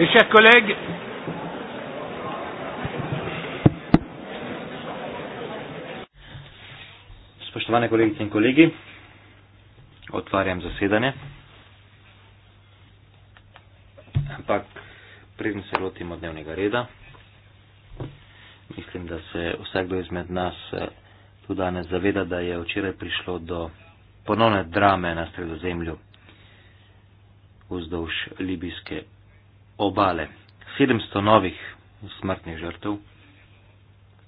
Mes chers collègues, Spoštovane kolegice in kolegi, otvarjam zasedanje. Ampak preden se lotimo dnevnega reda, mislim, da se vsakdo izmed nas eh, tudi danes zaveda, da je včeraj prišlo do ponovne drame na sredozemlju vzdolž libijske obale. 700 novih smrtnih žrtev,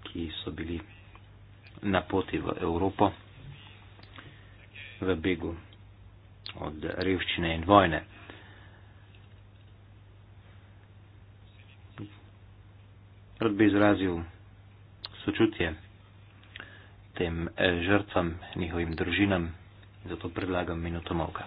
ki so bili na poti v Evropo v begu od revščine in vojne. Rad bi izrazil sočutje tem eh, žrtvam, njihovim družinam, zato predlagam minuto molka.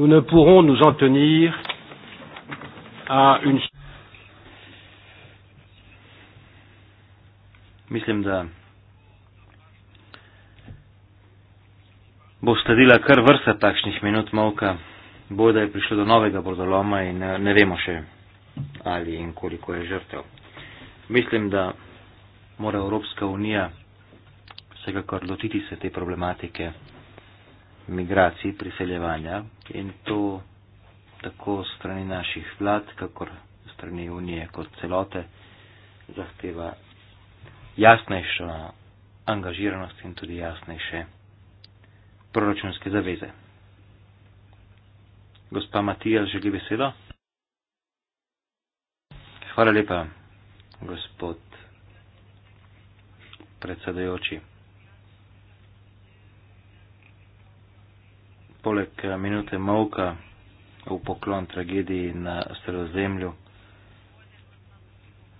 nous ne pourrons nous en tenir à une. Mislim da bo sledila kar vrsta takšnih minut molka, bojda je prišlo do novega brodoloma in eh, ne vemo še ali in koliko je žrtev. Mislim, da mora Evropska unija vsekakor lotiti se te problematike migracij, priseljevanja in to tako strani naših vlad, kakor strani Unije kot celote zahteva jasnejšo angažiranost in tudi jasnejše proračunske zaveze. Gospa Matija, želi besedo? Hvala lepa, gospod predsedajoči. poleg eh, minute mavka v poklon tragediji na sredozemlju.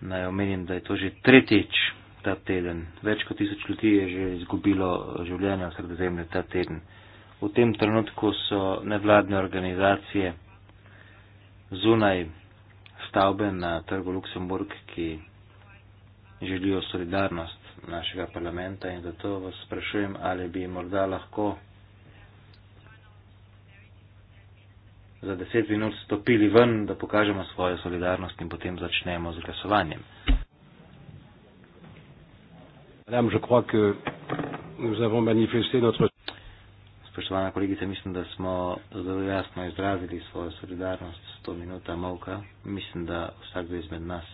Naj omenim, da je to že tretjič ta teden. Več kot tisoč ljudi je že izgubilo življenje v sredozemlju ta teden. V tem trenutku so nevladne organizacije zunaj stavbe na trgu Luksemburg, ki želijo solidarnost našega parlamenta in zato vas sprašujem, ali bi morda lahko za deset minut stopili ven, da pokažemo svojo solidarnost in potem začnemo z glasovanjem. Spoštovana kolegica, mislim, da smo zelo jasno izrazili svojo solidarnost s to minuta molka. Mislim, da vsak izmed nas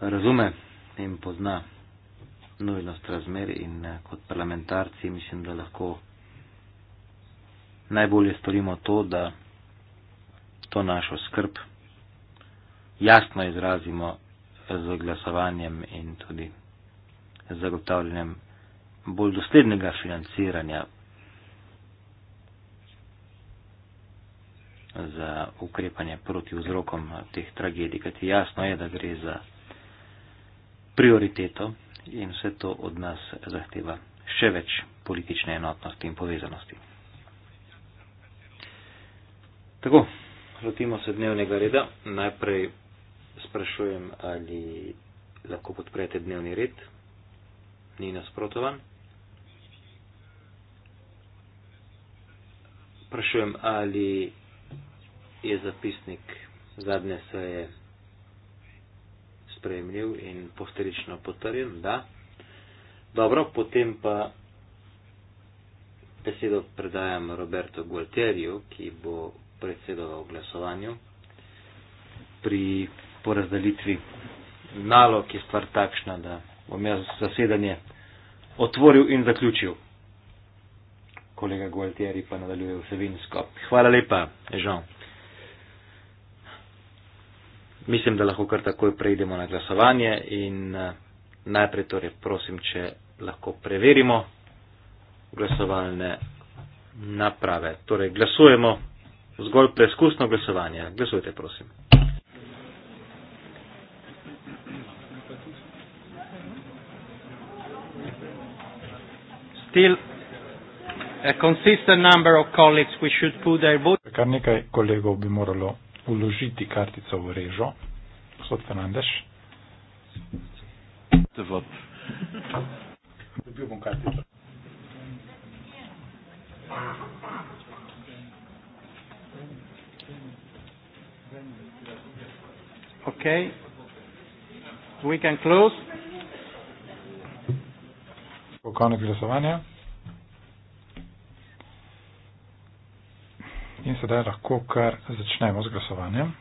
razume in pozna nujnost razmer in eh, kot parlamentarci mislim, da lahko najbolje storimo to, da to našo skrb jasno izrazimo z glasovanjem in tudi zagotavljanjem bolj doslednega financiranja za ukrepanje proti vzrokom teh tragedij, kajti jasno je, da gre za prioriteto in vse to od nas zahteva še več politične enotnosti in povezanosti. Tako lotimo se dnevnega reda. Najprej sprašujem, ali lahko podprete dnevni red. Ni nasprotovan. Sprašujem, ali je zapisnik zadnje seje sprejemljiv in posterično potrjen. Da. Dobro, potem pa besedo predajam Roberto Gualterju, ki bo predsedova v glasovanju. Pri porazdelitvi nalog je stvar takšna, da bom jaz zasedanje otvoril in zaključil. Kolega Gualtieri pa nadaljuje vsebinsko. Hvala lepa, Žan. Mislim, da lahko kar takoj preidemo na glasovanje in eh, najprej torej prosim, če lahko preverimo glasovalne naprave. Torej, glasujemo zgolj preizkusno glasovanje. Glasujte, prosim. Kar nekaj kolegov bi moralo uložiti kartico v režo. Gospod Fernandes. Dobil bom kartico. Okay. We can close. Konec glasovanja. In sedaj lahko kar začnemo z glasovanjem.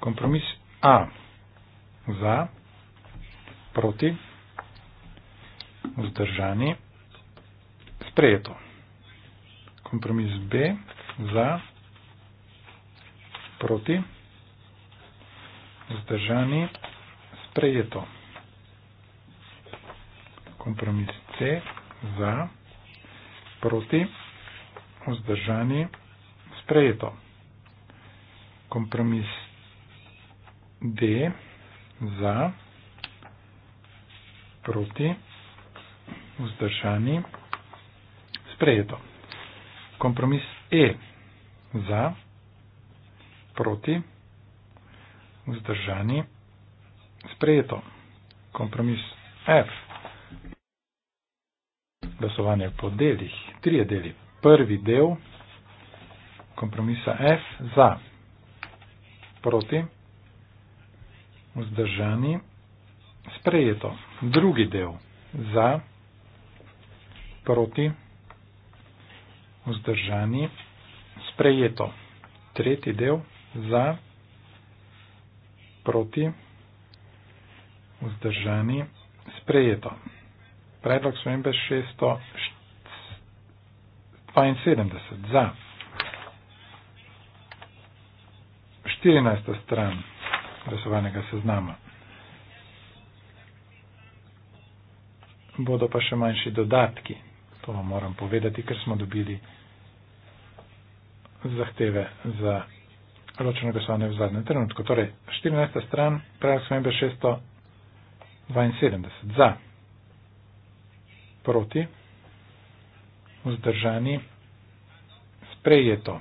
Kompromis A za, proti, vzdržani, sprejeto. Kompromis B za, proti, zdržani, sprejeto. Kompromis C, za, proti, vzdržani, sprejeto. Kompromis D, za, proti, vzdržani, sprejeto. Kompromis E, za, proti, proti, vzdržani, sprejeto. Kompromis F. Glasovanje po delih, trije deli. Prvi del kompromisa F za, proti, vzdržani, sprejeto. Drugi del za, proti, vzdržani, sprejeto. Tretji del za, proti, vzdržani, sprejeto. Predlog svembe 672 za. 14. stran glasovanega seznama. Bodo pa še manjši dodatki. To vam moram povedati, ker smo dobili zahteve za določeno glasovanje v zadnjem trenutku. Torej, 14. stran, predlog spremembe 672. Za, proti, vzdržani, sprejeto.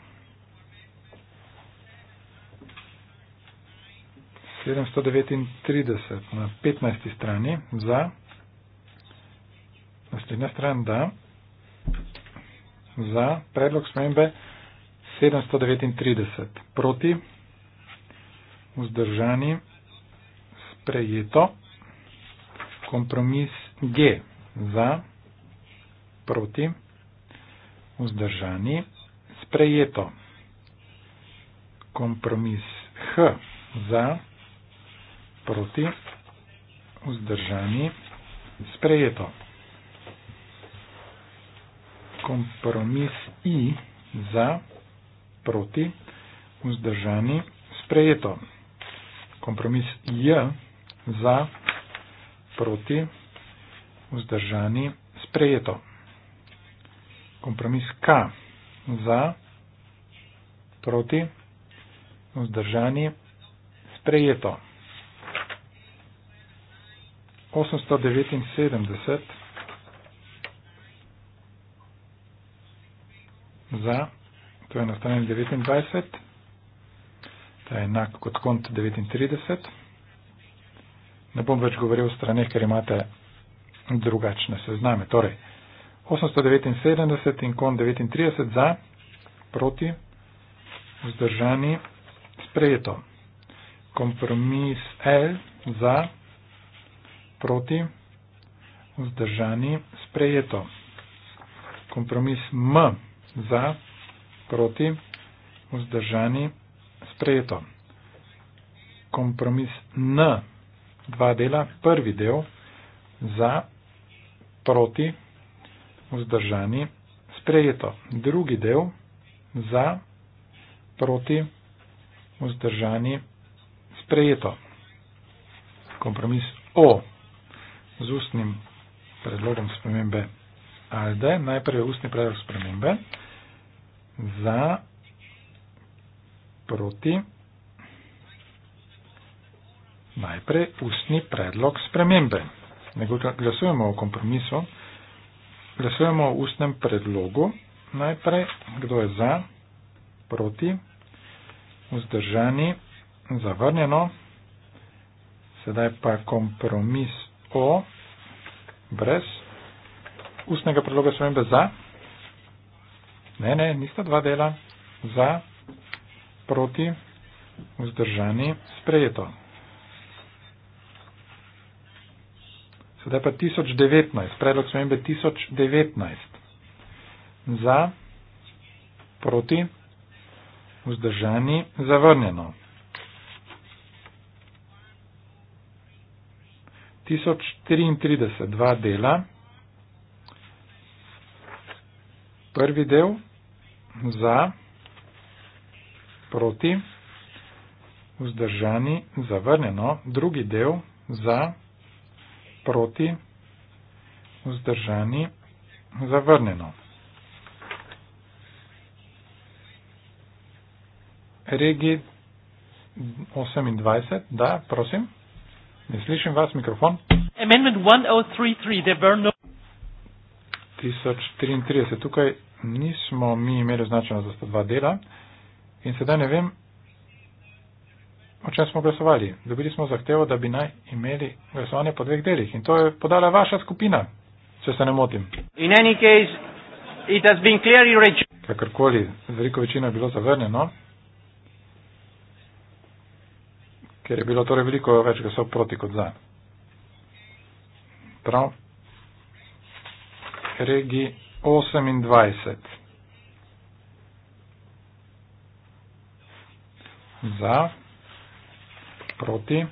739 na 15. strani za. Naslednja stran da. Za predlog spremembe 672. 739 proti, vzdržani, sprejeto, kompromis G za, proti, vzdržani, sprejeto, kompromis H za, proti, vzdržani, sprejeto, kompromis I za, proti, proti, vzdržani, sprejeto. Kompromis J za, proti, vzdržani, sprejeto. Kompromis K za, proti, vzdržani, sprejeto. 879 za to je na strani 29, ta je enak kot kont 39. Ne bom več govoril o straneh, ker imate drugačne sezname. Torej, 879 in kont 39 za, proti, vzdržani, sprejeto. Kompromis L za, proti, vzdržani, sprejeto. Kompromis M za, proti, vzdržani, sprejeto. Kompromis N, dva dela, prvi del, za, proti, vzdržani, sprejeto. Drugi del, za, proti, vzdržani, sprejeto. Kompromis O, z ustnim predlogom spremembe ALDE, najprej ustni predlog spremembe za, proti, najprej ustni predlog spremembe. Glasujemo o kompromisu, glasujemo o ustnem predlogu, najprej kdo je za, proti, vzdržani, zavrnjeno, sedaj pa kompromis o, brez ustnega predloga spremembe za. Ne, ne, nista dva dela za, proti, vzdržani, sprejeto. Sedaj pa 1019, predlog smembe 1019. Za, proti, vzdržani, zavrnjeno. 1033, dva dela. Prvi del za, proti, vzdržani, zavrnjeno, drugi del za, proti, vzdržani, zavrnjeno. Regi 28, da, prosim. Ne slišim vas, mikrofon. Amendment 1033, there were no... 1033, tukaj nismo mi imeli označeno za sta dva dela in sedaj ne vem, o čem smo glasovali. Dobili smo zahtevo, da bi naj imeli glasovanje po dveh delih in to je podala vaša skupina, če se ne motim. Kakorkoli, veliko večino je bilo zavrnjeno, ker je bilo torej veliko več glasov proti kot za. Prav. Regi 28. Za, proti,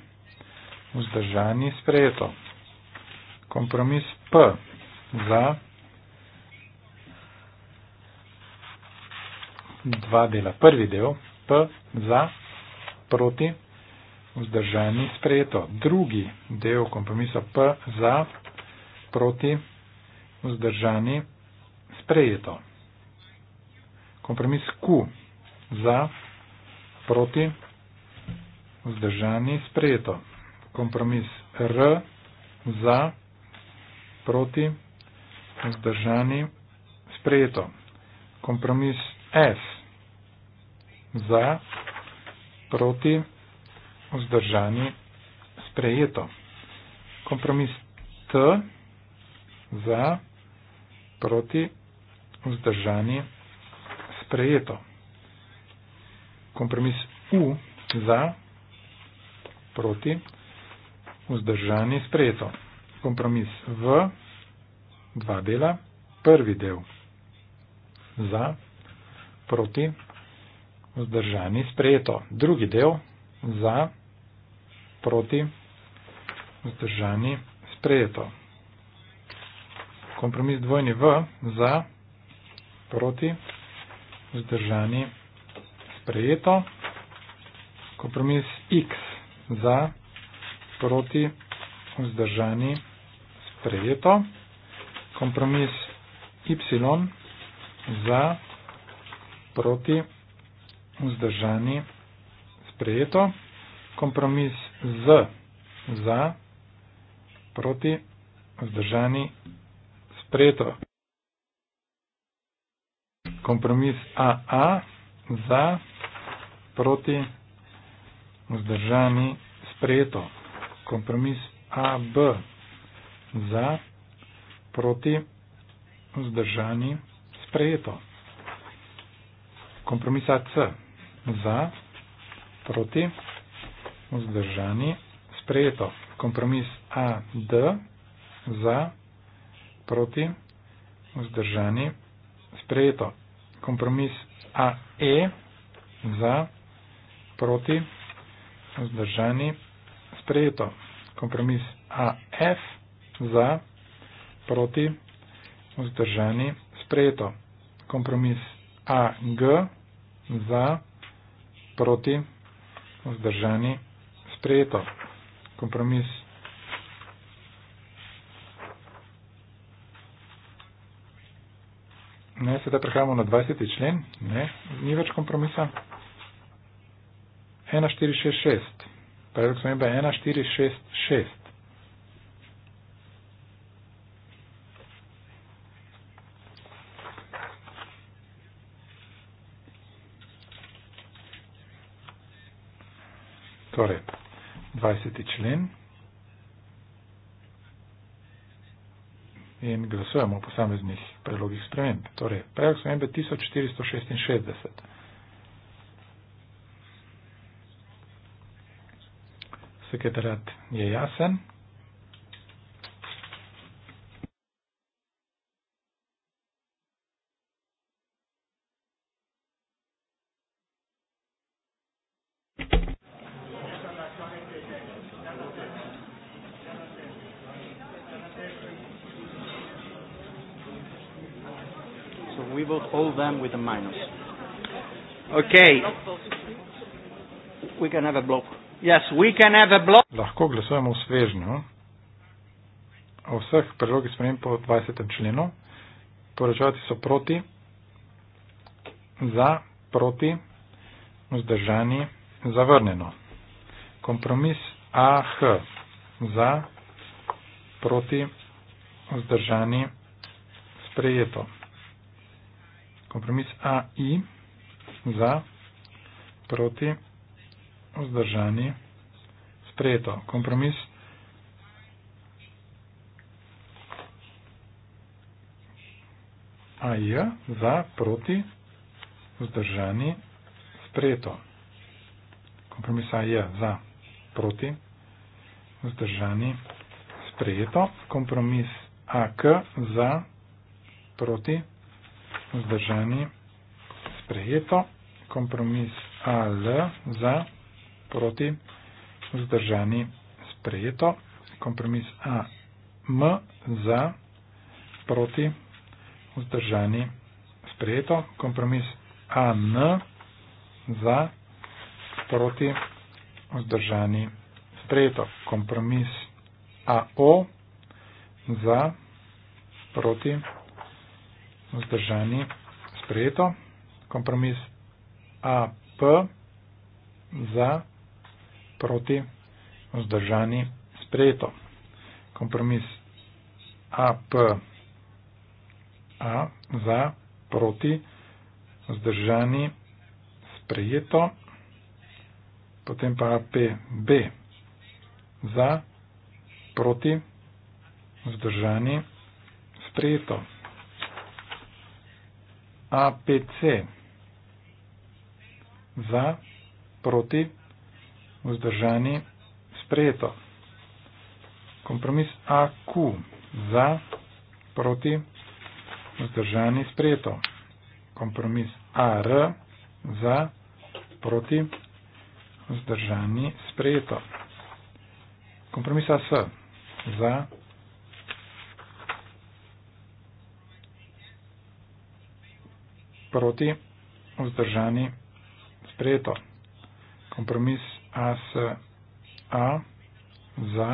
vzdržani, sprejeto. Kompromis P. Za, dva dela. Prvi del, P, za, proti, vzdržani, sprejeto. Drugi del kompromisa P, za, proti, vzdržani, sprejeto sprejeto. Kompromis Q za, proti, vzdržani, sprejeto. Kompromis R za, proti, vzdržani, sprejeto. Kompromis S za, proti, vzdržani, sprejeto. Kompromis T za, proti, vzdržani, sprejeto vzdržanje sprejeto. Kompromis U za, proti, vzdržanje sprejeto. Kompromis V, dva dela, prvi del za, proti, vzdržanje sprejeto. Drugi del za, proti, vzdržanje sprejeto. Kompromis dvojni V za, proti, proti, vzdržani, sprejeto. Kompromis X za, proti, vzdržani, sprejeto. Kompromis Y za, proti, vzdržani, sprejeto. Kompromis Z za, proti, vzdržani, sprejeto kompromis AA za proti vzdržani sprejeto. Kompromis AB za proti vzdržani sprejeto. Kompromis AC za proti vzdržani sprejeto. Kompromis AD za proti vzdržani sprejeto kompromis AE za proti vzdržani sprejeto. Kompromis AF za proti vzdržani sprejeto. Kompromis AG za proti vzdržani sprejeto. Kompromis Ne, sedaj prehajamo na 20. člen. Ne, ni več kompromisa. 1466. Predlog smembe 1466. Torej, 20. člen, in glasujemo o posameznih predlogih sprememb. Torej, predlog spremembe 1466. Sekretariat je jasen, with a minus. Okay. We can have a block. Yes, we can have a block. Lahko glasujemo v svežnju o vseh predlogih sprejem po 20. členu. Poračati so proti, za, proti, vzdržani, zavrneno. Kompromis AH za, proti, vzdržani, sprejeto kompromis A i za proti vzdržani sprejeto. Kompromis A i za proti vzdržani sprejeto. Kompromis A je za proti vzdržani sprejeto. Kompromis A k za proti vzdržani sprejeto vzdržani, sprejeto, kompromis AL za, proti, vzdržani, sprejeto, kompromis AM za, proti, vzdržani, sprejeto, kompromis AN za, proti, vzdržani, sprejeto, kompromis AO za, proti, vzdržani, sprejeto vzdržani, sprejeto. Kompromis AP za, proti, vzdržani, sprejeto. Kompromis AP A za, proti, vzdržani, sprejeto. Potem pa AP B za, proti, vzdržani, sprejeto. ABC. Za, proti, vzdržani, sprejeto. Kompromis AQ. Za, proti, vzdržani, sprejeto. Kompromis AR. Za, proti, vzdržani, sprejeto. Kompromis AS. Za, proti. proti, vzdržani, sprejeto. Kompromis A s A za,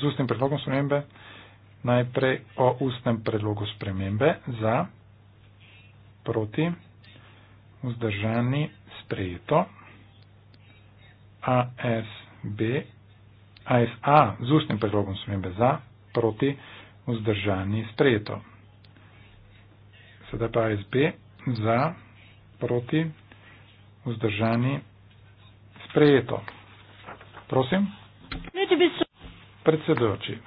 z ustnim predlogom spremembe, najprej o ustnem predlogu spremembe za, proti, vzdržani, sprejeto. A s B, A s A z ustnim predlogom spremembe za, proti, vzdržani, sprejeto. Sedaj pa A s B za, proti, vzdržani, sprejeto. Prosim. Predsedujoči,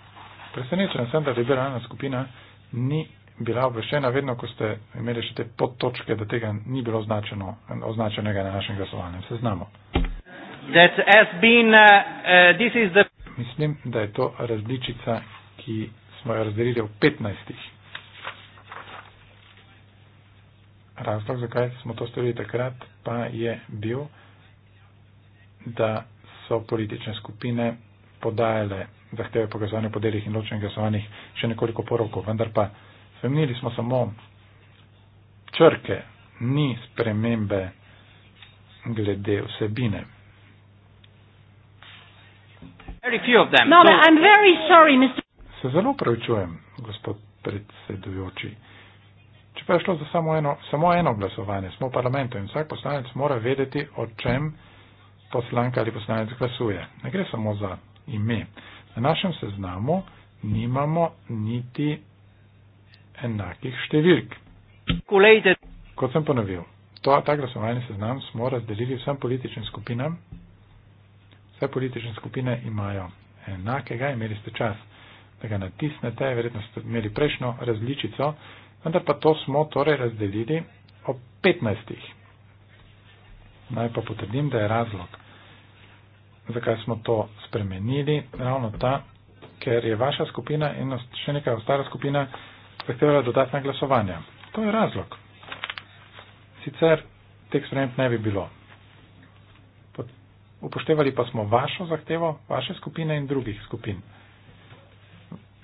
presenečen sem, da liberalna skupina ni bila obveščena vedno, ko ste imeli še te podtočke, da tega ni bilo označeno, označenega na našem glasovanju. Se znamo. Been, uh, uh, the... Mislim, da je to različica, ki smo jo razdelili v 15. -ih. razlog, zakaj smo to storili takrat, pa je bil, da so politične skupine podajale zahteve po glasovanju po delih in ločenih glasovanjih še nekoliko porokov, vendar pa spremenili smo samo črke, ni spremembe glede vsebine. No, no, sorry, Se zelo pravičujem, gospod predsedujoči. Če pa je šlo za samo eno, samo eno glasovanje, smo v parlamentu in vsak poslanec mora vedeti, o čem poslanka ali poslanec glasuje. Ne gre samo za ime. Na našem seznamu nimamo niti enakih številk. Kolejte. Kot sem ponovil, to, ta glasovanje seznam smo razdelili vsem političnim skupinam. Vse politične skupine imajo enakega, imeli ste čas, da ga natisnete, verjetno ste imeli prejšnjo različico vendar pa to smo torej razdelili ob 15. Naj pa potrdim, da je razlog, zakaj smo to spremenili, ravno ta, ker je vaša skupina in še neka ostala skupina zahtevala dodatna glasovanja. To je razlog. Sicer teh sprememb ne bi bilo. Upoštevali pa smo vašo zahtevo, vaše skupine in drugih skupin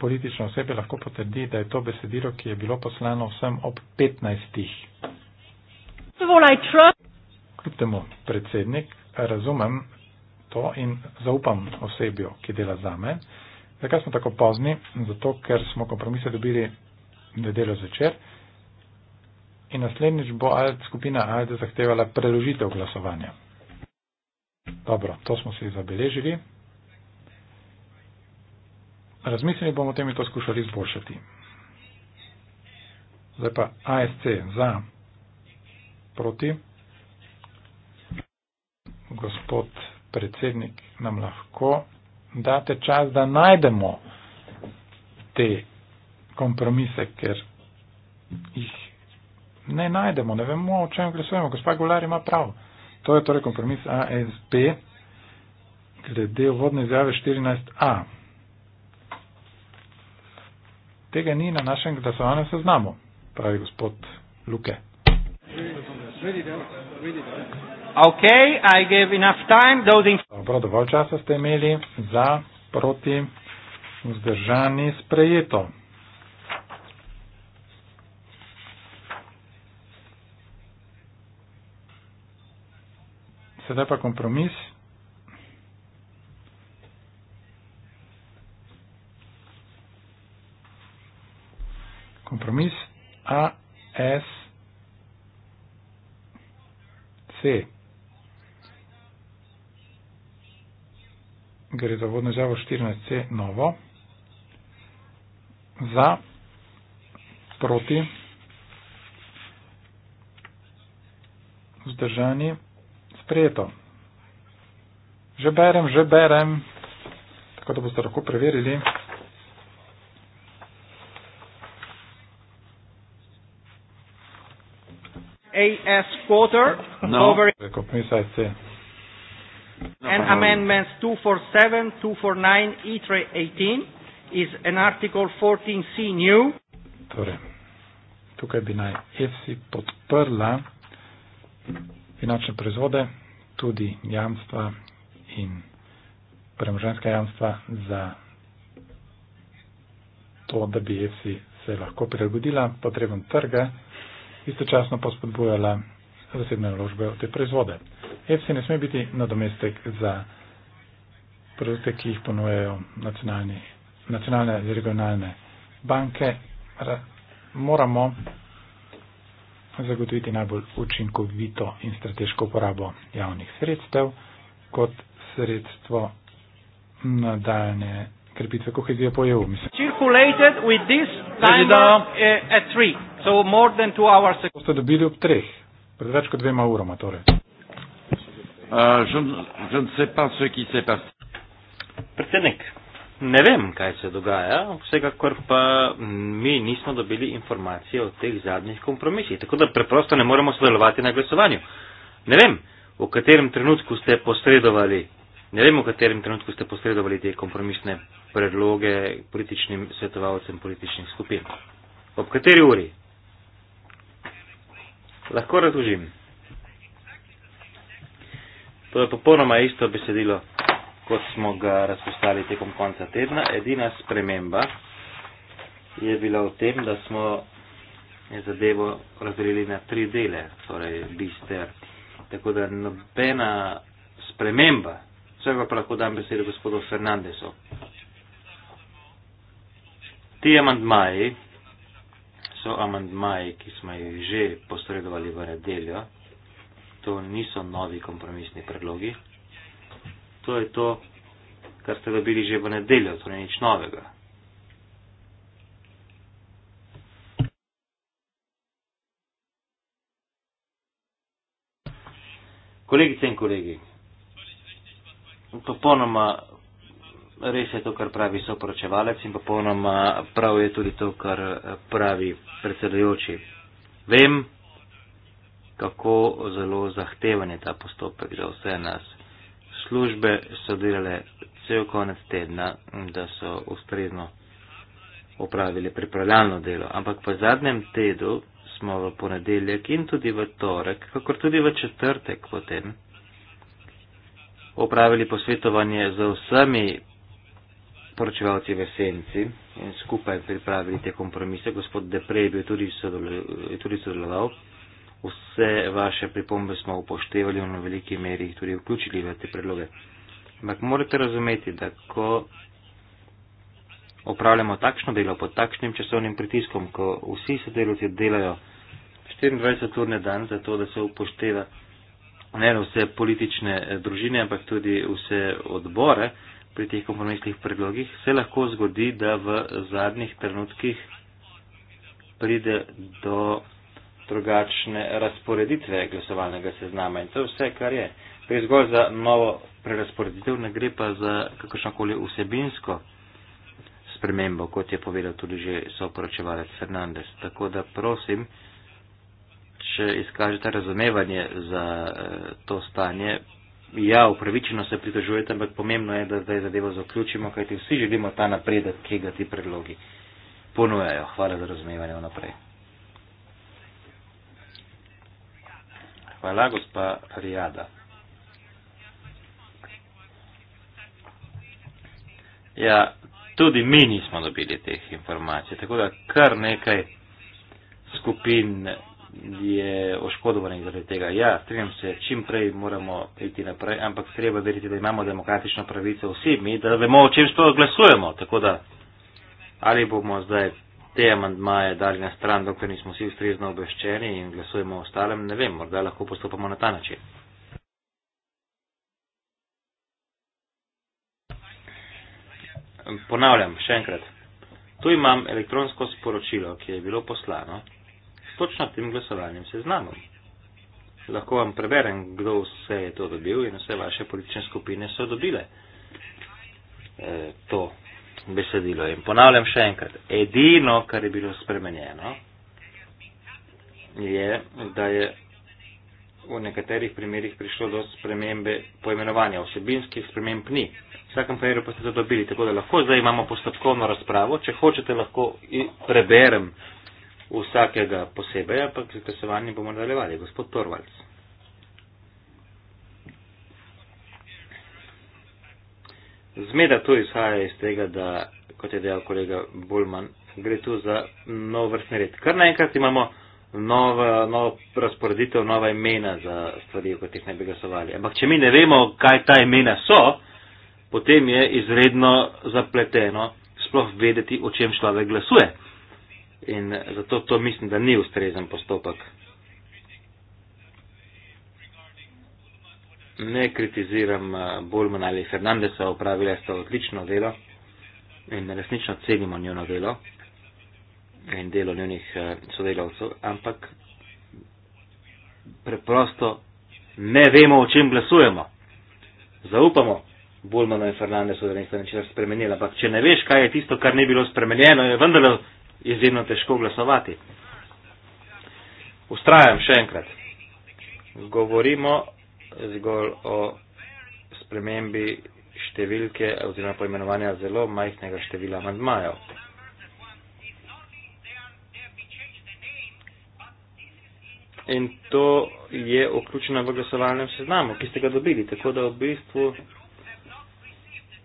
politične osebe lahko potrdi, da je to besedilo, ki je bilo poslano vsem ob 15. Kljub temu, predsednik, razumem to in zaupam osebju, ki dela za me. Zakaj smo tako pozni? Zato, ker smo kompromise dobili nedeljo zvečer in naslednjič bo ALD, skupina ALDE zahtevala preložitev glasovanja. Dobro, to smo si zabeležili razmislili bomo o tem in to skušali izboljšati. Zdaj pa ASC za proti. Gospod predsednik, nam lahko date čas, da najdemo te kompromise, ker jih ne najdemo, ne vemo, o čem glasujemo. Gospa Golar ima prav. To je torej kompromis ASB glede vodne izjave 14a tega ni na našem glasovanju seznamu, pravi gospod Luke. Dobro, dovolj časa ste imeli za proti vzdržani sprejeto. Sedaj pa kompromis. kompromis A, S, C. Gre za vodno izjavo 14C novo. Za, proti, vzdržani, sprejeto. Že berem, že berem, tako da boste lahko preverili. AS quarter no. over compromise IC. No, And no, amendments 247, 249, E318 is an article 14C new. Torej, tukaj bi naj EFSI podprla finančne proizvode, tudi jamstva in premoženska jamstva za to, da bi EFSI se lahko prilagodila potrebam trga istočasno pa spodbujala zasebne naložbe v te proizvode. EFSI ne sme biti nadomestek za produkte, ki jih ponujejo nacionalne in regionalne banke. Ra, moramo zagotoviti najbolj učinkovito in strateško uporabo javnih sredstev kot sredstvo nadaljne krepitve kohezije po EU. Mislim. Circulated with this time uh, eh, at three. Ko ste dobili ob treh, pred več kot dvema uroma torej. Uh, Predsednik, ne vem, kaj se dogaja, vsekakor pa mi nismo dobili informacije o teh zadnjih kompromisih, tako da preprosto ne moremo sodelovati na glasovanju. Ne vem, v katerem trenutku ste posredovali, ne vem, v katerem trenutku ste posredovali te kompromisne predloge političnim svetovalcem političnih skupin. Ob kateri uri? lahko razložim. To je popolnoma isto besedilo, kot smo ga razpostavili tekom konca tedna. Edina sprememba je bila v tem, da smo zadevo razdelili na tri dele, torej bister. Tako da nobena sprememba, vse pa lahko dam besedo gospodu Fernandesu. Ti amantmaji, so amandmaji, ki smo jih že posredovali v nedeljo, to niso novi kompromisni predlogi, to je to, kar ste dobili že v nedeljo, to torej ni nič novega. Kolegice in kolegi, popolnoma, Res je to, kar pravi soporočevalec in popolnoma prav je tudi to, kar eh, pravi predsedujoči. Vem, kako zelo zahteven je ta postopek za vse nas. Službe so delale cel konec tedna, da so ustrezno opravili pripravljalno delo. Ampak v zadnjem tedu smo v ponedeljek in tudi v torek, kakor tudi v četrtek potem, opravili posvetovanje za vsemi poročevalci v esenci skupaj pripravili te kompromise. Gospod Depre je, bil tudi, sodeloval, je tudi sodeloval. Vse vaše pripombe smo upoštevali in v veliki meri jih tudi vključili v te predloge. Ampak morate razumeti, da ko opravljamo takšno delo pod takšnim časovnim pritiskom, ko vsi sodelovci delajo 24 ur na dan za to, da se upošteva ne vse politične družine, ampak tudi vse odbore, pri teh kompromisnih predlogih, se lahko zgodi, da v zadnjih trenutkih pride do drugačne razporeditve glasovalnega seznama in to je vse, kar je. Gre zgolj za novo prerasporeditev, ne gre pa za kakršnokoli vsebinsko spremembo, kot je povedal tudi že soporočevalec Fernandez. Tako da prosim, če izkažete razumevanje za eh, to stanje, ja, upravičeno se pritožujete, ampak pomembno je, da zdaj zadevo zaključimo, kajti vsi želimo ta napredek, ki ga ti predlogi ponujajo. Hvala za razumevanje vnaprej. Hvala, gospa Rijada. Ja, tudi mi nismo dobili teh informacij, tako da kar nekaj skupin je oškodovan zaradi tega. Ja, strengam se, čim prej moramo iti naprej, ampak treba veriti, da imamo demokratično pravico vsi mi, da vemo, o čem sploh glasujemo. Tako da ali bomo zdaj te amandmaje dali na stran, dokler nismo vsi ustrezno obveščeni in glasujemo ostalem, ne vem, morda lahko postopamo na ta način. Ponavljam, še enkrat. Tu imam elektronsko sporočilo, ki je bilo poslano točno tem glasovalnim seznamom. Lahko vam preberem, kdo vse je to dobil in vse vaše politične skupine so dobile eh, to besedilo. In ponavljam še enkrat, edino, kar je bilo spremenjeno, je, da je v nekaterih primerjih prišlo do spremembe poimenovanja. Vsebinskih sprememb ni. V vsakem primeru pa ste to dobili, tako da lahko zdaj imamo postopkovno razpravo. Če hočete, lahko preberem vsakega posebej, ampak z glasovanjem bomo nadaljevali. Gospod Torvalc. Zmeda to izhaja iz tega, da, kot je dejal kolega Bulman, gre tu za nov vrstni red. Kar naenkrat imamo novo nov razporeditev, nova imena za stvari, o katerih ne bi glasovali. Ampak če mi ne vemo, kaj ta imena so, potem je izredno zapleteno sploh vedeti, o čem človek glasuje in zato to mislim, da ni ustrezen postopek. Ne kritiziram eh, Bulmana ali Fernandesa, upravile so odlično delo in resnično cenimo njeno delo in delo njenih eh, sodelavcev, ampak preprosto ne vemo, o čem glasujemo. Zaupamo Bulmano in Fernandesu, da niste ničesar spremenili, ampak če ne veš, kaj je tisto, kar ni bilo spremenjeno, je vendar izjemno težko glasovati. Ustrajam še enkrat. Govorimo zgolj o spremembi številke oziroma poimenovanja zelo majhnega števila amandmajev. In to je vključeno v glasovalnem seznamu, ki ste ga dobili. Tako da v bistvu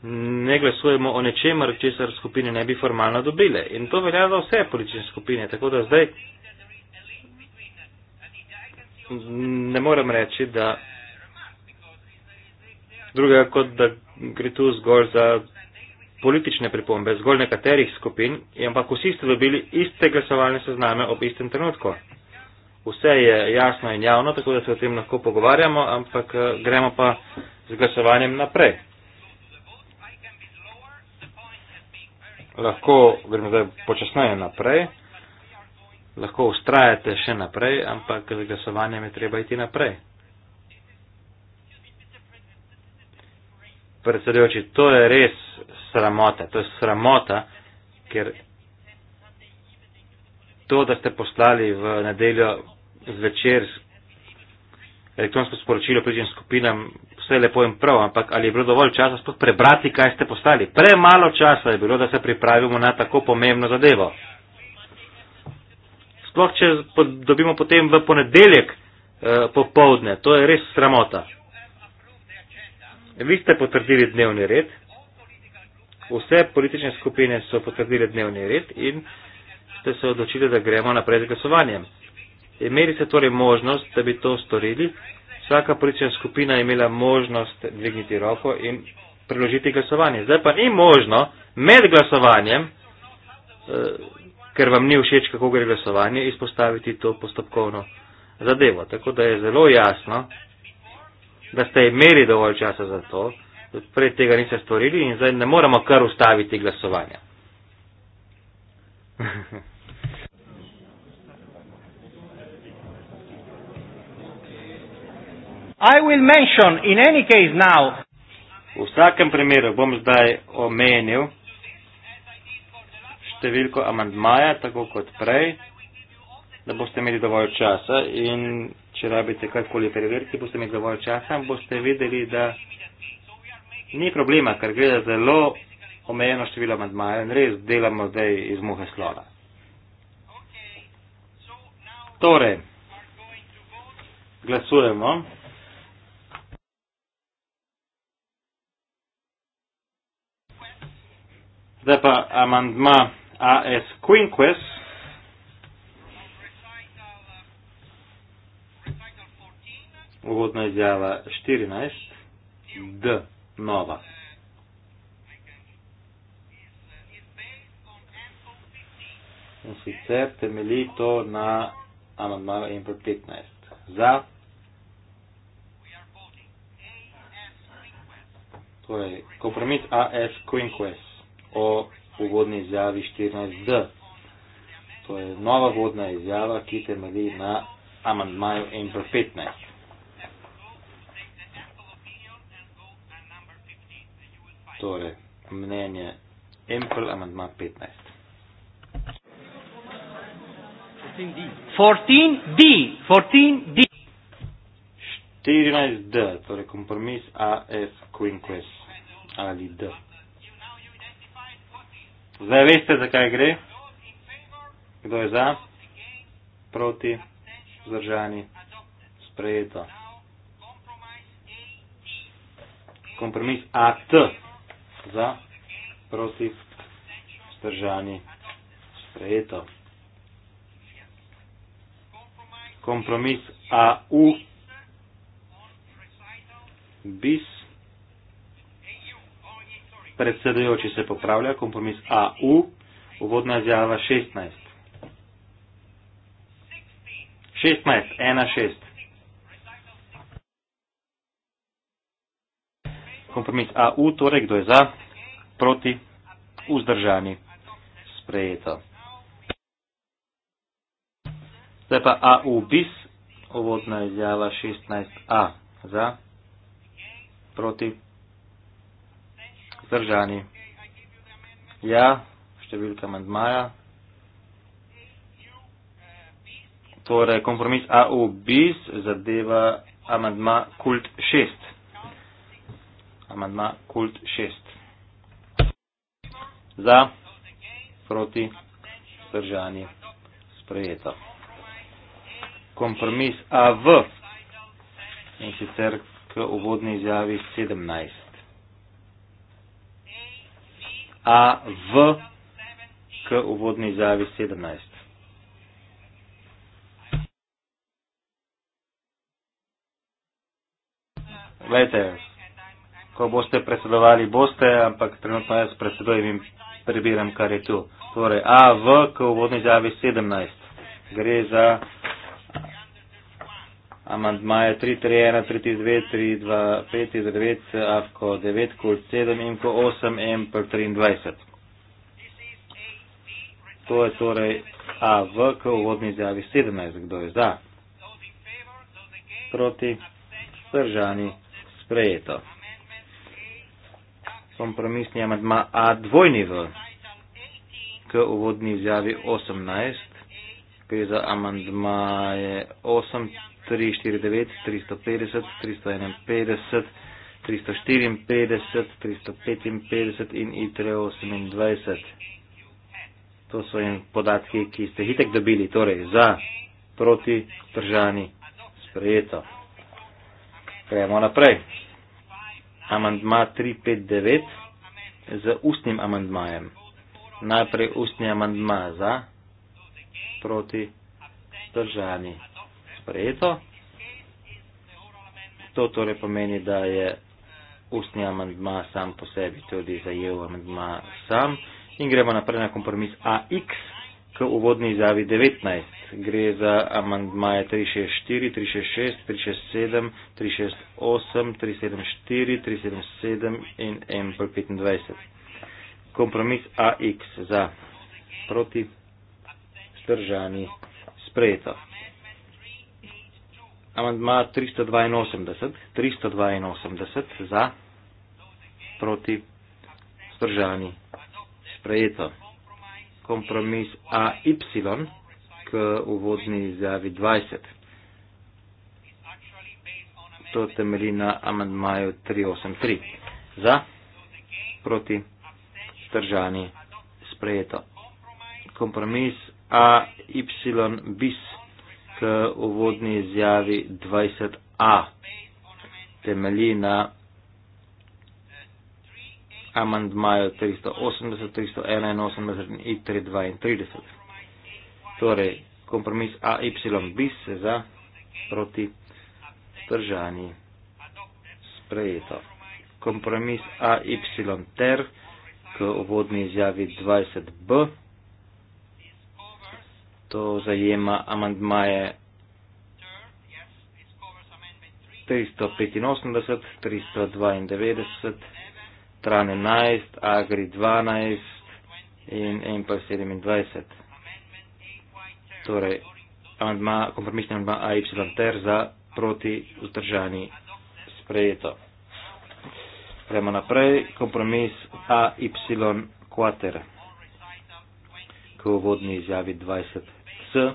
ne glasujemo o nečemer, česar skupine ne bi formalno dobile. In to velja za vse politične skupine. Tako da zdaj ne morem reči, da druga kot da gre tu zgolj za politične pripombe, zgolj nekaterih skupin, ampak vsi ste dobili iste glasovalne sezname ob istem trenutku. Vse je jasno in javno, tako da se o tem lahko pogovarjamo, ampak eh, gremo pa z glasovanjem naprej. lahko, gremo zdaj počasneje naprej, lahko ustrajate še naprej, ampak z glasovanjem je treba iti naprej. Predsedujoči, to je res sramota, to je sramota, ker to, da ste poslali v nedeljo zvečer elektronsko sporočilo pričim skupinam, vse lepo in prav, ampak ali je bilo dovolj časa sploh prebrati, kaj ste postali? Premalo časa je bilo, da se pripravimo na tako pomembno zadevo. Sploh, če dobimo potem v ponedeljek eh, popovdne, to je res sramota. Vi ste potrdili dnevni red, vse politične skupine so potrdili dnevni red in ste se odločili, da gremo naprej z glasovanjem. Imeli ste torej možnost, da bi to storili, vsaka politična skupina imela možnost dvigniti roko in priložiti glasovanje. Zdaj pa ni možno med glasovanjem, eh, ker vam ni všeč, kako gre glasovanje, izpostaviti to postopkovno zadevo. Tako da je zelo jasno, da ste imeli dovolj časa za to, prej tega niste storili in zdaj ne moremo kar ustaviti glasovanja. Ha ha ha. V vsakem primeru bom zdaj omenil številko amandmaja, tako kot prej, da boste imeli dovolj časa in če rabite karkoli preveriti, boste imeli dovolj časa in boste videli, da ni problema, ker gre za zelo omejeno število amandmaja in res delamo zdaj iz muhe slona. Torej, glasujemo. Zdaj pa amandma AS Quinquest. Uvodna izjava 14. D. Nova. In sicer temelji to na amandmaju in pod 15. Za. Torej, kompromis AS Queen Quest o uvodni izjavi 14d. To je nova vodna izjava, ki temelji na amandmaju 1 pro 15. Torej, mnenje Empel, amandma 15. 14D. 14D. 14D. 14D, torej kompromis AF, Queen Quest ali D. Zdaj veste, zakaj gre? Kdo je za? Proti, zdržani, sprejeto. Kompromis AT za, proti, zdržani, sprejeto. Kompromis AU bis predsedujoči se popravlja, kompromis AU, uvodna izjava 16. 16, 1, 6. Kompromis AU, torej kdo je za, proti, vzdržani, sprejeto. Zdaj pa AU bis, uvodna izjava 16a, za, proti, vzdržani. Zdržani. Ja, številka mandmaja. Torej, kompromis AU bis zadeva amandma kult 6. Amandma kult 6. Za, proti, zdržani, sprejeto. Kompromis AV in sicer k uvodni izjavi 17. A V k uvodni izjavi 17. Vete, ko boste predsedovali, boste, ampak trenutno jaz predsedujem in prebiram, kar je tu. Torej, A, V, k uvodni izjavi 17. Gre za amandmaje 331, 332, 325, 39, avko 9, kult 7 in ko 8, m per 23. To je torej AV, k uvodni izjavi 17, kdo je za? Proti, držani, sprejeto. Kompromisni amandma A dvojni V, k uvodni izjavi 18, gre za amandmaje 8, 349, 350, 351, 354, 355 in ITRE 28. To so jim podatki, ki ste hitek dobili, torej za, proti, držani, sprejeto. Gremo naprej. Amandma 359 z ustnim amandmajem. Najprej ustni amandma za, proti, držani, sprejeto. To torej pomeni, da je ustni amandma sam po sebi tudi zajel amandma sam. In gremo naprej na kompromis AX k uvodni izjavi 19. Gre za amandmaje 364, 366, 367, 368, 374, 377 in MP25. Kompromis AX za proti, vzdržani, sprejeto. Amandma 382, 382 za, proti, stržani, sprejeto. Kompromis AY k uvodni izjavi 20. To temelji na amandmaju 383. Za, proti, stržani, sprejeto. Kompromis AY bis k uvodni izjavi 20a. Temelji na amandmaju 380, 381 in 332. Torej, kompromis AY bi se za proti držani sprejeto. Kompromis AY ter k uvodni izjavi 20b to zajema amandmaje 385, 392, Trane 11, Agri 12 in MP 27. Torej, amandma, kompromisni amandma AYTER za proti vzdržani sprejeto. Gremo naprej, kompromis AY Quater, ko vodni izjavi 20. C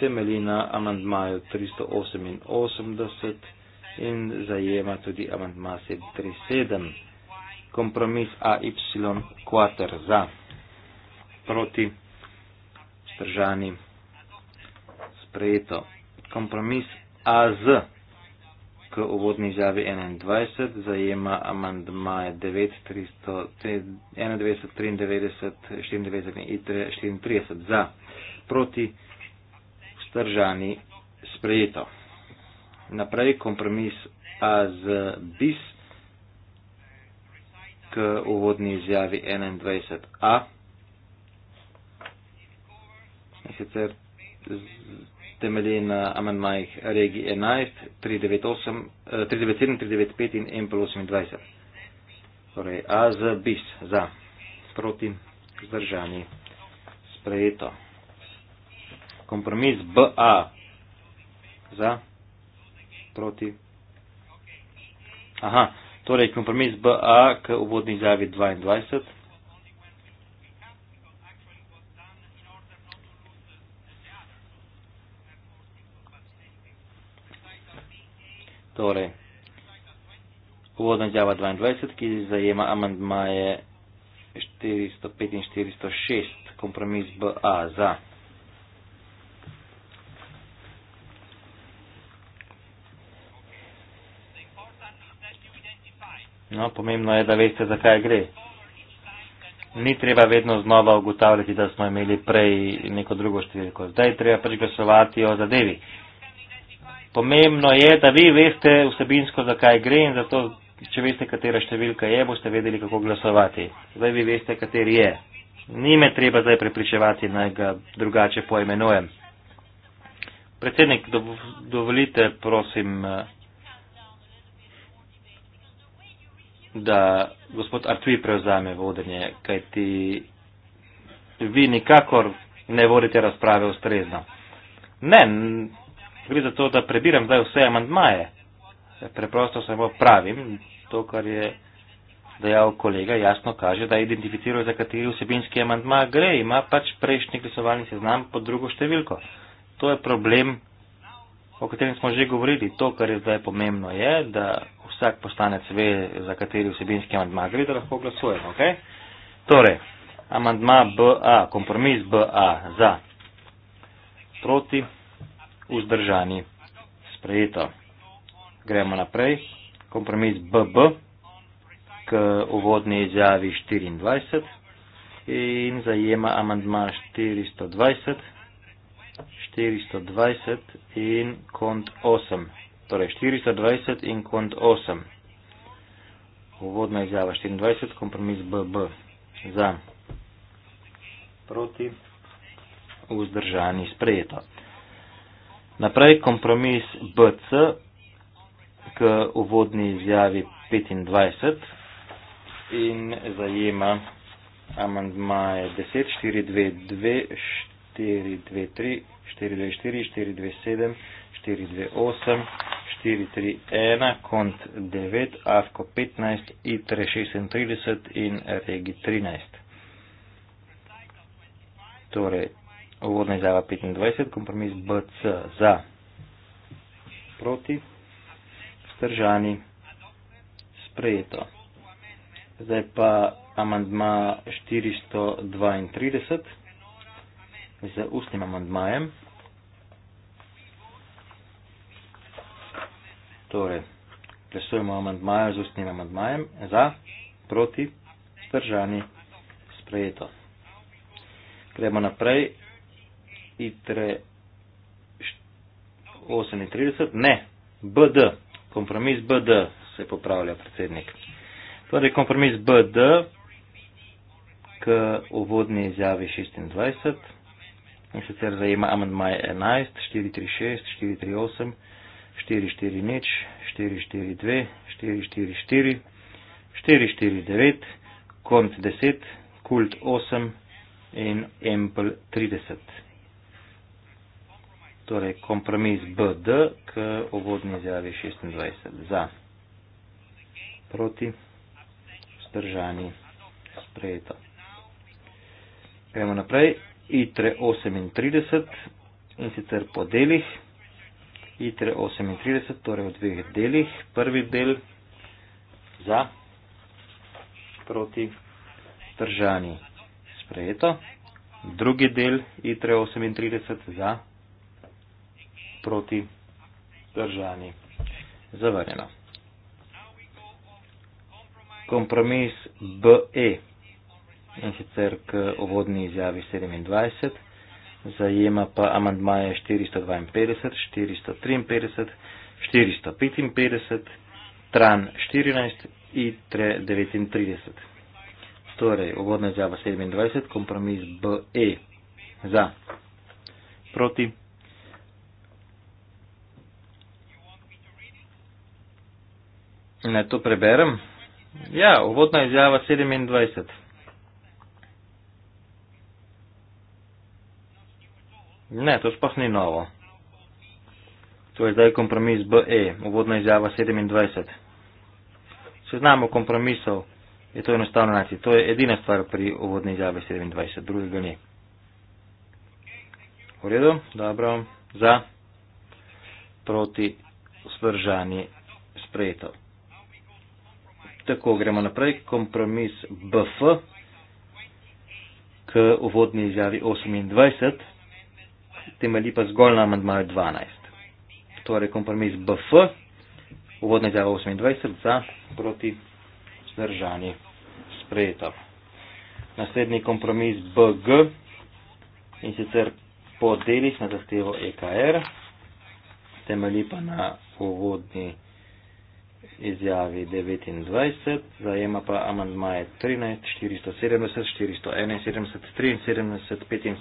temelji na amandmaju 388 in zajema tudi amandma 737. Kompromis AY kvater za proti stržani sprejeto. Kompromis AZ k uvodni izjavi 21 zajema amandmaje 9, 391, 93, 94 in 34 za proti stržani sprejeto. Naprej kompromis A z bis k uvodni izjavi 21a. Sicer temelji na amenmajih regi 11, 397, 395 in MPL 28. Torej A z bis za proti zdržani sprejeto kompromis BA za proti. Aha, torej kompromis BA k uvodni izjavi 22. Torej, uvodna izjava 22, ki zajema amandmaje 405 in 406, kompromis BA za No, pomembno je, da veste, zakaj gre. Ni treba vedno znova ugotavljati, da smo imeli prej neko drugo številko. Zdaj treba pač glasovati o zadevi. Pomembno je, da vi veste vsebinsko, zakaj gre in zato, če veste, katera številka je, boste vedeli, kako glasovati. Zdaj vi veste, kateri je. Ni me treba zdaj prepričevati, naj ga drugače poimenujem. Predsednik, dovolite, prosim. Eh, da gospod Artvi prevzame vodenje, kajti vi nikakor ne vodite razprave ustrezno. Ne, gre za to, da prebiram zdaj vse amandmaje. Preprosto samo pravim, to, kar je dejal kolega, jasno kaže, da identificira, za kateri vsebinski amandma gre, ima pač prejšnji glasovalni seznam pod drugo številko. To je problem, o katerem smo že govorili. To, kar je zdaj pomembno, je, da vsak poslanec ve, za kateri vsebinski amandma gre, da lahko glasujemo. Okay? Torej, amandma BA, kompromis BA za, proti, vzdržani, sprejeto. Gremo naprej. Kompromis BB k uvodni izjavi 24 in zajema amandma 420, 420 in kont 8 torej 420 in kont 8. Uvodna izjava 24, kompromis BB za, proti, vzdržani, sprejeto. Naprej kompromis BC k uvodni izjavi 25 in zajema amandmaje 10, 4, 2, 2, 4, 2, 3, 4, 2, 4, 4, 2, 7, 4, 2, 8. 431, kont 9, avko 15, i 336 in regi 13. Torej, uvodna izjava 25, kompromis BC za, proti, stržani, sprejeto. Zdaj pa amandma 432 z ustnim amandmajem. Torej, glasujemo amantmajo z ustnim amantmajem. Za, proti, stržani, sprejeto. Gremo naprej. ITRE 38. Ne. BD. Kompromis BD se popravlja, predsednik. Torej, kompromis BD k uvodni izjavi 26. In sicer zajema amantmaj 11, 436, 438. 4-4 nič, 4-4-2, 4-4-4, 4-4-9, 4-4, kont 10, kult 8 in empl 30. Torej, kompromis BD k uvodni izjavi 26 za, proti, vzdržani, sprejeto. Gremo naprej, ITRE 38 in sicer po delih. ITRE 38, torej v dveh delih. Prvi del za proti držanju sprejeto, drugi del ITRE 38 za proti držanju zavarjeno. Kompromis BE in sicer k uvodni izjavi 27 zajema pa amandmaje 452, 453, 455, Tran 14 in Tre 39. Torej, uvodna izjava 27, kompromis BE za, proti. Naj to preberem? Ja, uvodna izjava 27. Ne, to sploh ni novo. To je zdaj kompromis BE, uvodna izjava 27. Se znamo kompromisov, je to enostavno najti. To je edina stvar pri uvodni izjavi 27, drugega ni. V redu, dobro, za, proti, svržani, sprejeto. Tako gremo naprej, kompromis BF k uvodni izjavi 28 temelji pa zgolj na amandmaju 12. Torej kompromis BF, uvodna izjava 28 za proti zdržani sprejeto. Naslednji kompromis BG in sicer po delih na zahtevo EKR, temelji pa na uvodni izjavi 29, zajema pa amandmaje 13, 470, 471, 73,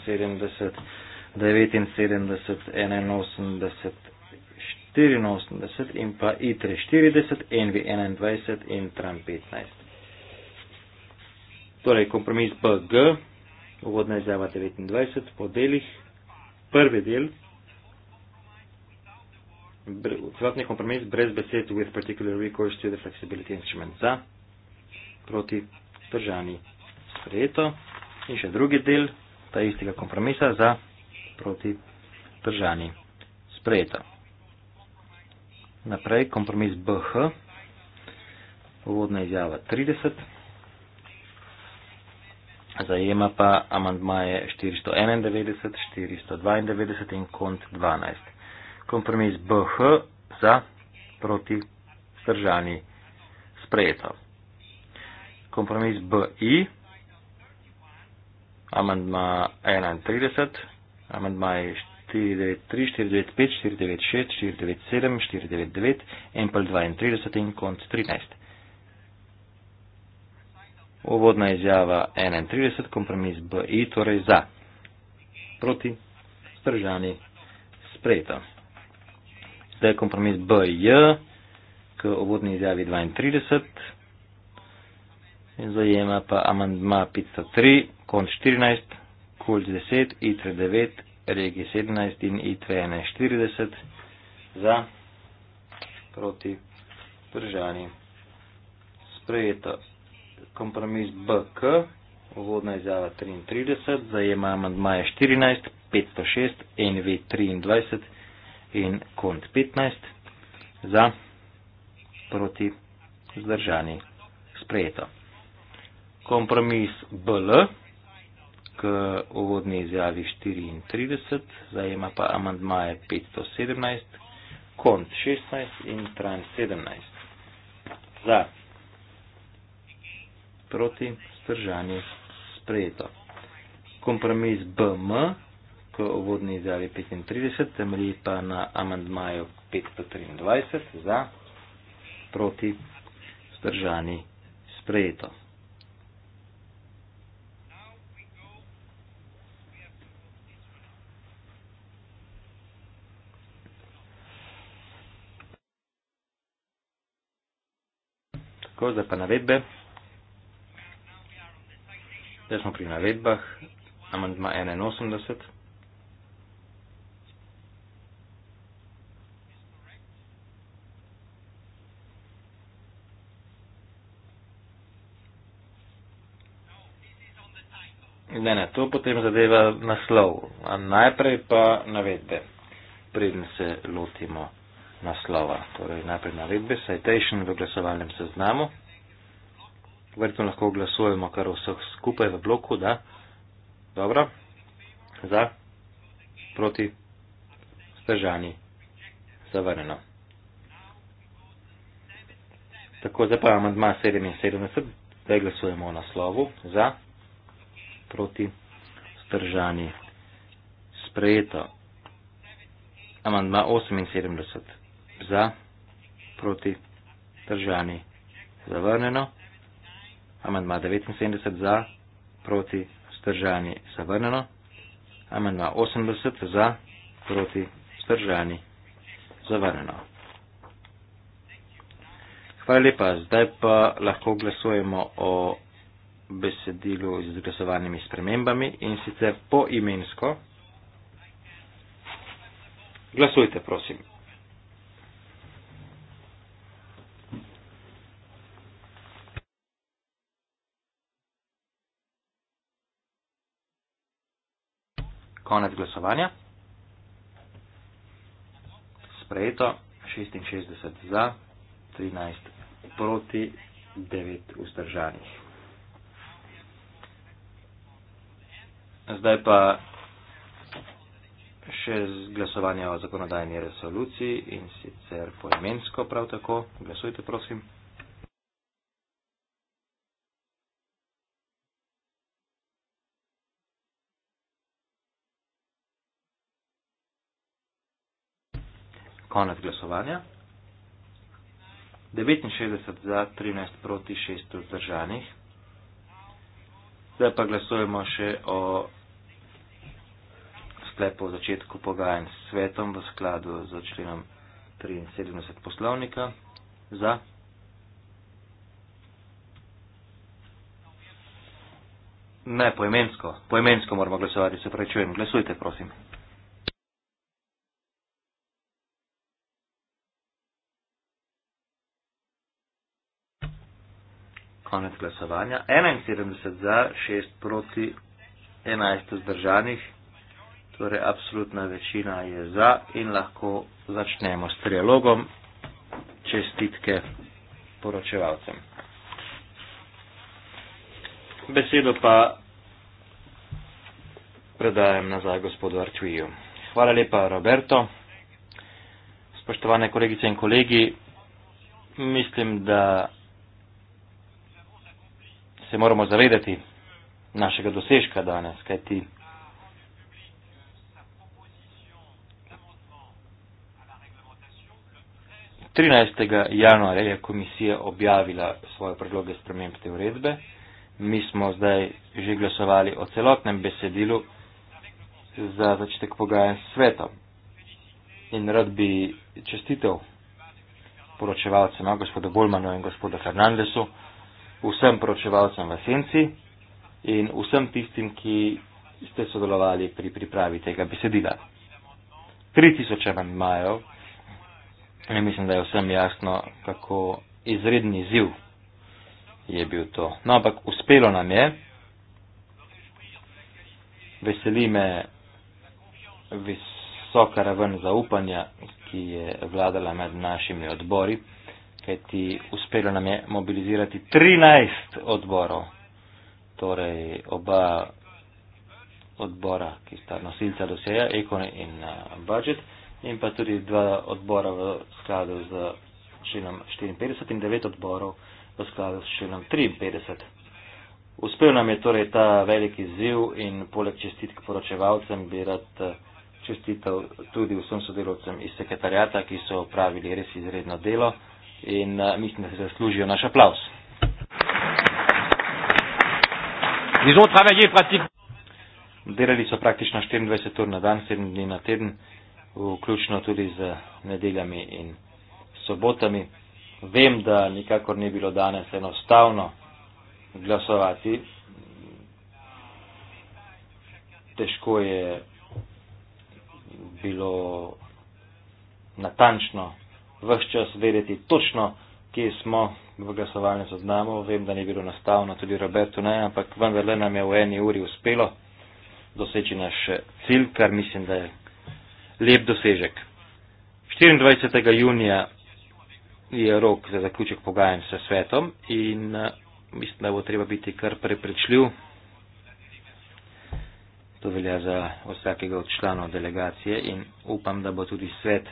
75, 79, 81, 84 in pa I340, NV21 in TRAM15. Torej, kompromis BG, uvodna izjava 29, po delih, prvi del, celotni kompromis brez besed with particular recourse to the flexibility instrument za, proti držani sprejeto in še drugi del ta istega kompromisa za proti držani. Sprejeta. Naprej kompromis BH, uvodna izjava 30, zajema pa amandmaje 491, 492 in kont 12. Kompromis BH za proti držani sprejeto. Kompromis BI, amandma 31, amandmaje 493, 495, 496, 497, 499, Empel 32 in konc 13. Uvodna izjava 31, kompromis BI, torej za, proti, stržani, sprejeto. Zdaj je kompromis BJ k uvodni izjavi 32, zajema pa amandma 503, konc 14. Kult 10, ITRE 9, REGI 17 in ITRE 41 za proti držani. Sprejeto kompromis BK, uvodna izjava 33, zajema amandmaje 14, 506, NV 23 in KONT 15 za proti zdržani. Sprejeto. Kompromis BL k uvodni izjavi 34, zajema pa amandmaje 517, kont 16 in tran 17. Za. Proti stržanje sprejeto. Kompromis BM k uvodni izjavi 35, temelji pa na amandmaju 523, za. Proti stržanje sprejeto. cosa per navebbe zdaj smo pri navebbah amandma 81 ne ne, to potem zadeva naslov, a najprej pa navedbe, preden se lotimo naslova. Torej, najprej navedbe, citation v glasovalnem seznamu. Verjetno lahko glasujemo kar vseh skupaj v bloku, da. Dobro. Za. Proti. Stržani. Zavrneno. Tako, zdaj pa amadma 77. Zdaj glasujemo o naslovu. Za. Proti. Stržani. Sprejeto. Amandma 78 za, proti, držani, zavrnjeno. Amandma 79 za, proti, vzdržani, zavrnjeno. Amandma 80 za, proti, vzdržani, zavrnjeno. Hvala lepa, zdaj pa lahko glasujemo o besedilu z glasovanimi spremembami in sicer po imensko. Glasujte, prosim. Konec glasovanja. Sprejeto 66 za, 13 proti, 9 vzdržanih. Zdaj pa še glasovanje o zakonodajni resoluciji in sicer poimensko prav tako. Glasujte, prosim. konec glasovanja. 69 za, 13 proti, 6 vzdržanih. Zdaj pa glasujemo še o sklepu o začetku pogajanj s svetom v skladu z členom 73 poslovnika. Za. Ne, poimensko. Poimensko moramo glasovati, se pravi, čujem. Glasujte, prosim. konec glasovanja. 71 za, 6 proti, 11 vzdržanih. Torej, absolutna večina je za in lahko začnemo s trialogom. Čestitke poročevalcem. Besedo pa predajem nazaj gospodu Artuiju. Hvala lepa, Roberto. Spoštovane kolegice in kolegi, mislim, da se moramo zavedati našega dosežka danes, kaj ti. Trinajstega januarja je komisija objavila svoje predloge sprememb te uredbe. Mi smo zdaj že glasovali o celotnem besedilu za začetek pogajanj s svetom. In rad bi čestitev poročevalcema, gospodu Bolmanu in gospodu Fernandesu vsem pročevalcem v senci in vsem tistim, ki ste sodelovali pri pripravi tega besedila. 3000 vam imajo in mislim, da je vsem jasno, kako izredni ziv je bil to. No, ampak uspelo nam je. Veseli me visoka raven zaupanja, ki je vladala med našimi odbori kajti uspelo nam je mobilizirati 13 odborov, torej oba odbora, ki sta nosilca doseja, Ekon in eh, Budget, in pa tudi dva odbora v skladu z členom 54 in devet odborov v skladu s členom 53. Uspel nam je torej ta veliki ziv in poleg čestitk poročevalcem bi rad eh, čestitev tudi vsem sodelovcem iz sekretarjata, ki so opravili res izredno delo in eh, mislim, da se zaslužijo naš aplaus. Delali so praktično 24 ur na dan, 7 dni na teden, vključno tudi z nedeljami in sobotami. Vem, da nikakor ni bilo danes enostavno glasovati. Težko je bilo natančno vse čas vedeti točno, kje smo v glasovalnem seznamu. Vem, da ni bilo nastavno, tudi Robertu ne, ampak vendarle nam je v eni uri uspelo doseči naš cilj, kar mislim, da je lep dosežek. 24. junija je rok za zaključek pogajanj s svetom in eh, mislim, da bo treba biti kar preprečljiv. To velja za vsakega od članov delegacije in upam, da bo tudi svet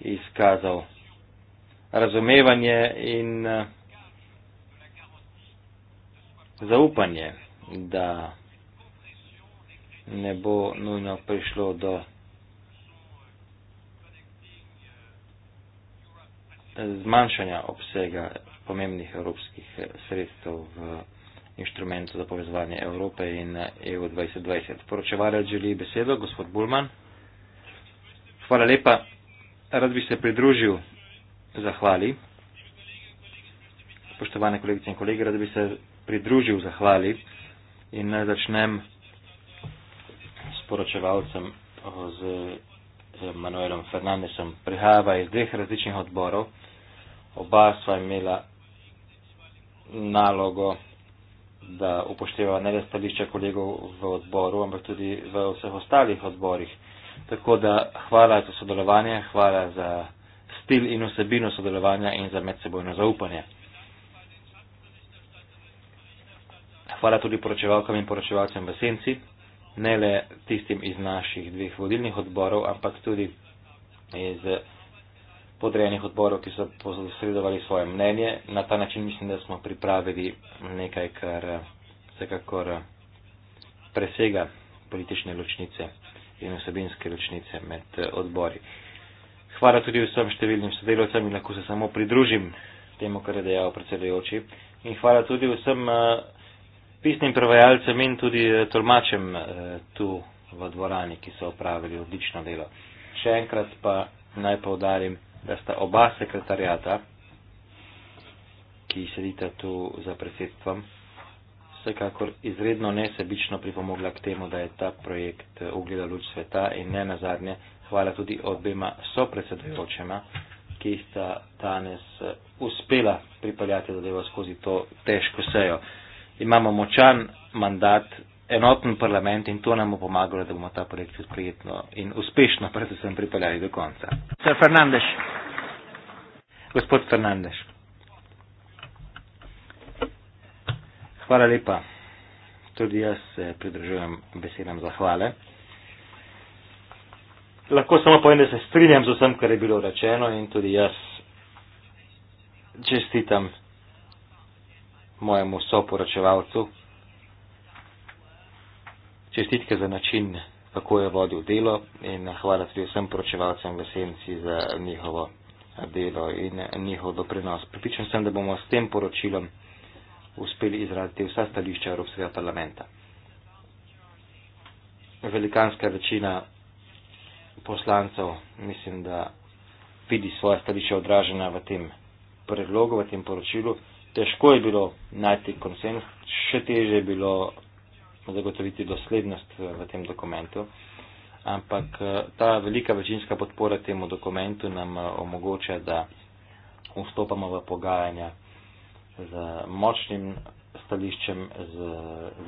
izkazal razumevanje in eh, zaupanje, da ne bo nujno prišlo do zmanjšanja obsega pomembnih evropskih eh, sredstev v inštrumentu za povezovanje Evrope in EU eh, e 2020. Poročevalec želi besedo, gospod Bulman. Hvala lepa. Rad bi se pridružil zahvali. Spoštovane kolegice in kolege, rad bi se pridružil zahvali in naj začnem s poročevalcem z Manuelom Fernandesom. Prihajava iz dveh različnih odborov. Oba sva imela nalogo, da upošteva ne le stališče kolegov v odboru, ampak tudi v vseh ostalih odborih. Tako da hvala za sodelovanje, hvala za stil in osebino sodelovanja in za medsebojno zaupanje. Hvala tudi poročevalkam in poročevalcem v Senci, ne le tistim iz naših dveh vodilnih odborov, ampak tudi iz podrejenih odborov, ki so posredovali svoje mnenje. Na ta način mislim, da smo pripravili nekaj, kar vsekakor presega politične ločnice in osebinske ločnice med odbori. Hvala tudi vsem številnim sodelovcem in lahko se samo pridružim temu, kar je dejal predsedujoči. In hvala tudi vsem eh, pisnim prevajalcem in tudi eh, tolmačem eh, tu v dvorani, ki so opravili odlično delo. Še enkrat pa naj povdarim, da sta oba sekretarjata, ki sedita tu za predsedstvom, vsekakor izredno nesebično pripomogla k temu, da je ta projekt ugledal luč sveta in ne nazadnje hvala tudi obema sopredsedujočema, ki sta danes eh, uspela pripeljati zadevo skozi to težko sejo. Imamo močan mandat, enoten parlament in to nam bo pomagalo, da bomo ta projekt sprejetno in uspešno predvsem pripeljali do konca. Fernandes. Gospod Fernandeš. Hvala lepa. Tudi jaz se pridržujem besedam zahvale lahko samo povem, da se strinjam z vsem, kar je bilo rečeno in tudi jaz čestitam mojemu soporočevalcu. Čestitke za način, kako je vodil delo in hvala tudi vsem poročevalcem v Senci za njihovo delo in njihov doprinos. Pripričan sem, da bomo s tem poročilom uspeli izraziti vsa stališča Evropskega parlamenta. Velikanska večina poslancev, mislim, da vidi svoje stališče odražena v tem predlogu, v tem poročilu. Težko je bilo najti konsens, še teže je bilo zagotoviti doslednost v tem dokumentu, ampak eh, ta velika večinska podpora temu dokumentu nam eh, omogoča, da vstopamo v pogajanja z močnim stališčem, z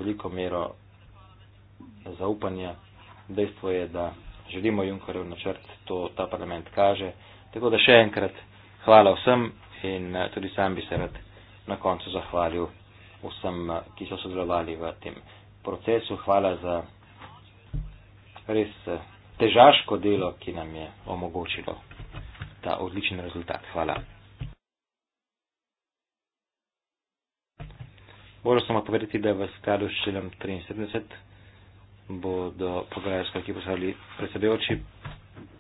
veliko mero zaupanja. Dejstvo je, da želimo Junkarjev načrt, to ta parlament kaže. Tako da še enkrat hvala vsem in eh, tudi sam bi se rad na koncu zahvalil vsem, eh, ki so sodelovali v tem procesu. Hvala za res eh, težaško delo, ki nam je omogočilo ta odličen rezultat. Hvala. Moram samo povedati, da je v skladu s členom 73 bodo pogajalska ekipa sedeli predsedujoči,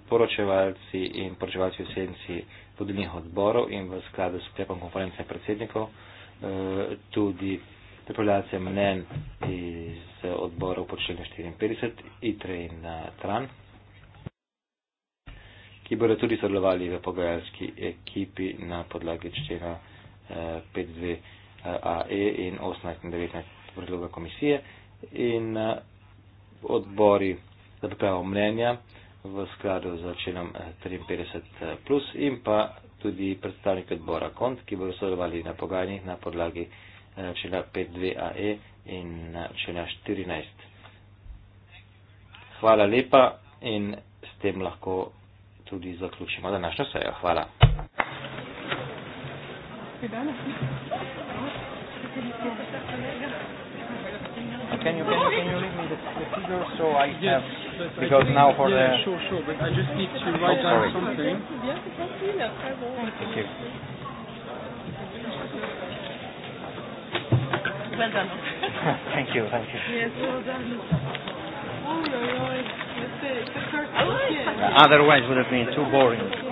poročevalci in poročevalci v senci vodilnih odborov in v skladu s sklepom konference predsednikov eh, tudi pripravljalce mnen iz odborov pod členom 54 ITRE in eh, TRAN, ki bodo tudi sodelovali v pogajalski ekipi na podlagi člena 52AE eh, e in 18 in 19 predloga komisije in odbori odpravo mnenja v skladu za členom 53 eh, eh, plus in pa tudi predstavnik odbora KONT, ki bodo sodelovali na pogajanjih na podlagi eh, člena 5.2.a.e. E in člena 14. Hvala lepa in s tem lahko tudi zaključimo današnjo sejo. Hvala. Hvala can you can you can you leave me the, the figure so I yes, have because I now for yeah, the sure sure but I just need to write oh, down something. Thank you. Well done. thank you, thank you. Yes, well done. Oh, yeah, yeah. Let's say, the first, yeah. Otherwise would have been too boring.